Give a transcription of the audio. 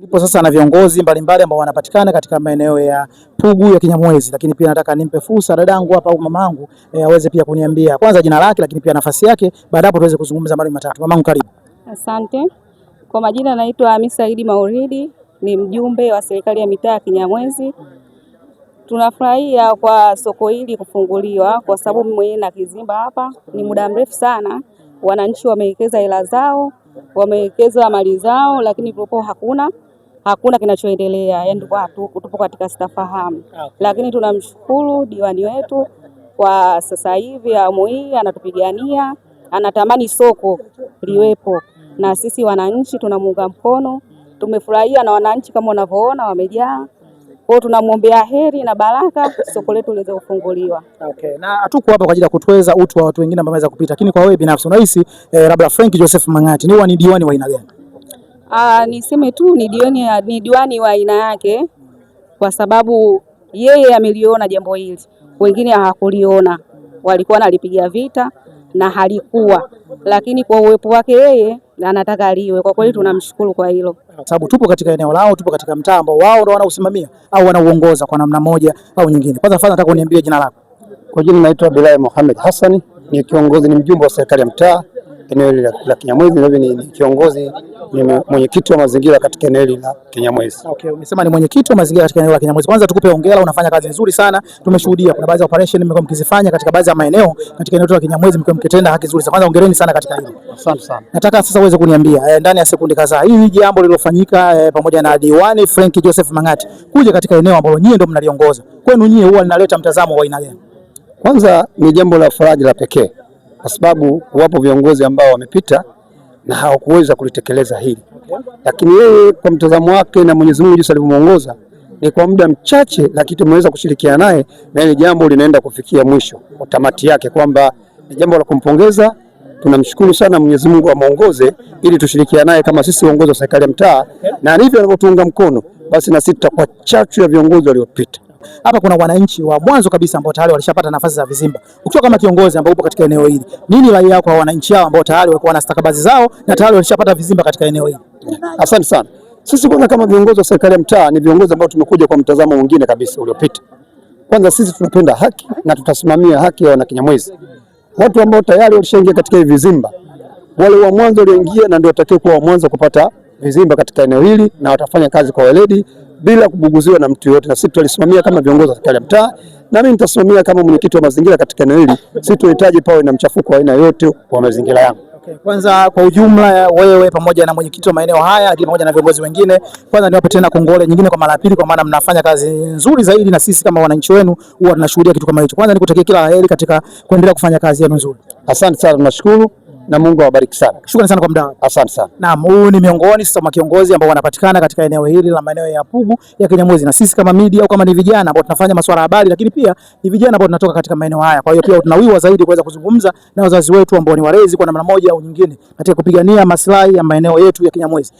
Nipo sasa na viongozi mbalimbali ambao wanapatikana katika maeneo ya Pugu ya Kinyamwezi, lakini pia nataka nimpe fursa dadangu hapa au mamangu eh, aweze pia kuniambia kwanza jina lake, lakini pia nafasi yake. Baada hapo tuweze kuzungumza mambo matatu. Mamangu, karibu. Asante. Kwa majina naitwa Hamisa Idi Mauridi, ni mjumbe wa serikali ya mitaa ya Kinyamwezi. Tunafurahia kwa soko hili kufunguliwa, kwa sababu mwenyewe na kizimba hapa ni muda mrefu sana, wananchi wamewekeza hela zao, wamewekeza mali zao, lakini popo hakuna hakuna kinachoendelea, yani tupo katika sitafahamu, lakini tunamshukuru diwani wetu kwa sasa hivi awamu hii anatupigania, anatamani soko liwepo na sisi wananchi tunamuunga mkono. Tumefurahia na wananchi kama unavyoona wamejaa kwao, tunamwombea heri na baraka, soko letu liweze kufunguliwa. Okay, na hatuko hapa kwa ajili ya kutuweza utu wa watu wengine ambao wameweza kupita, lakini kwa wewe binafsi unahisi eh, labda Frank Joseph Mang'ati ni wani diwani wa aina gani? Aa, ah, niseme tu ni diwani, ni diwani wa aina yake, kwa sababu yeye ameliona jambo hili, wengine hawakuliona, walikuwa nalipiga vita na halikuwa, lakini kwa uwepo wake yeye anataka aliwe. Kwa kweli tunamshukuru kwa hilo, sababu tupo katika eneo lao, tupo katika mtaa ambao wao ndio wanausimamia au wanauongoza kwa namna moja au nyingine. Kwanza fadha, nataka uniambie jina lako. Kwa jina naitwa Bilal Mohamed Hassani, ni kiongozi, ni mjumbe wa serikali ya mtaa eneo hili la Kinyamwezi, na ni kiongozi ni mwenyekiti wa mazingira katika eneo hili la Kinyamwezi. Okay, umesema ni mwenyekiti wa mazingira katika eneo la Kinyamwezi. Kwanza tukupe hongera, unafanya kazi nzuri sana. Tumeshuhudia kuna baadhi ya operation mmekuwa mkizifanya katika baadhi ya maeneo katika eneo la Kinyamwezi, mmekuwa mkitenda haki nzuri. Kwanza hongereni sana katika hilo. Asante sana. Nataka sasa uweze kuniambia e, ndani ya sekunde kadhaa hii jambo lililofanyika e, pamoja na diwani Frank Joseph Mang'ati kuja katika eneo ambalo nyie ndio mnaliongoza, kwenu nyie huwa linaleta mtazamo wa aina gani? Kwanza ni jambo la faraja la pekee kwa sababu wapo viongozi ambao wamepita na hawakuweza kulitekeleza hili, lakini yeye kwa mtazamo wake na Mwenyezi Mungu jinsi alivyomuongoza ni kwa muda mchache, lakini tumeweza kushirikiana naye na ile jambo linaenda kufikia mwisho kwa tamati yake, kwamba ni jambo la kumpongeza. Tunamshukuru sana Mwenyezi Mungu amuongoze ili tushirikiane naye kama sisi uongozi wa serikali ya mtaa, na hivyo anavyotuunga mkono, basi na sisi tutakuwa chachu ya viongozi waliopita hapa kuna wananchi wa mwanzo kabisa ambao tayari walishapata nafasi za vizimba. Ukiwa kama kiongozi ambao upo katika eneo hili, nini rai yako kwa wananchi hao ambao tayari walikuwa na stakabazi zao na tayari walishapata vizimba katika eneo hili? Asante sana. Sisi kwanza kama viongozi wa serikali ya mtaa ni viongozi ambao tumekuja kwa mtazamo mwingine kabisa uliopita. Kwanza sisi tunapenda haki na tutasimamia haki ya wanakinyamwezi. Watu ambao tayari walishaingia katika hivi vizimba, wale wa mwanzo walioingia na ndio watakao kuwa wa mwanzo kupata vizimba katika eneo hili, na watafanya kazi kwa weledi bila kubuguziwa na mtu yoyote, na sisi tutalisimamia kama viongozi wa serikali ya mtaa, na mimi nitasimamia kama mwenyekiti wa mazingira katika eneo hili. Sisi tunahitaji pawe na mchafuko wa aina yote wa mazingira yangu. Okay, kwanza kwa ujumla wewe pamoja na mwenyekiti wa maeneo haya lakini pamoja na viongozi wengine, kwanza niwape tena kongole nyingine kwa mara ya pili, kwa maana mnafanya kazi nzuri zaidi, na sisi kama wananchi wenu huwa tunashuhudia kitu kama hicho. Kwanza nikutakia kila la heri katika kuendelea kufanya kazi yenu nzuri. Asante sana, tunashukuru na Mungu awabariki sana. Shukrani sana kwa muda. Asante sana. Naam, huu ni miongoni sasa mwa kiongozi ambao wanapatikana katika eneo hili la maeneo ya Pugu ya Kinyamwezi, na sisi kama media au kama ni vijana ambao tunafanya masuala ya habari, lakini pia ni vijana ambao tunatoka katika maeneo haya. Kwa hiyo pia tunawiwa zaidi kuweza kuzungumza na wazazi wetu ambao ni walezi kwa namna moja au nyingine katika kupigania maslahi ya maeneo yetu ya Kinyamwezi.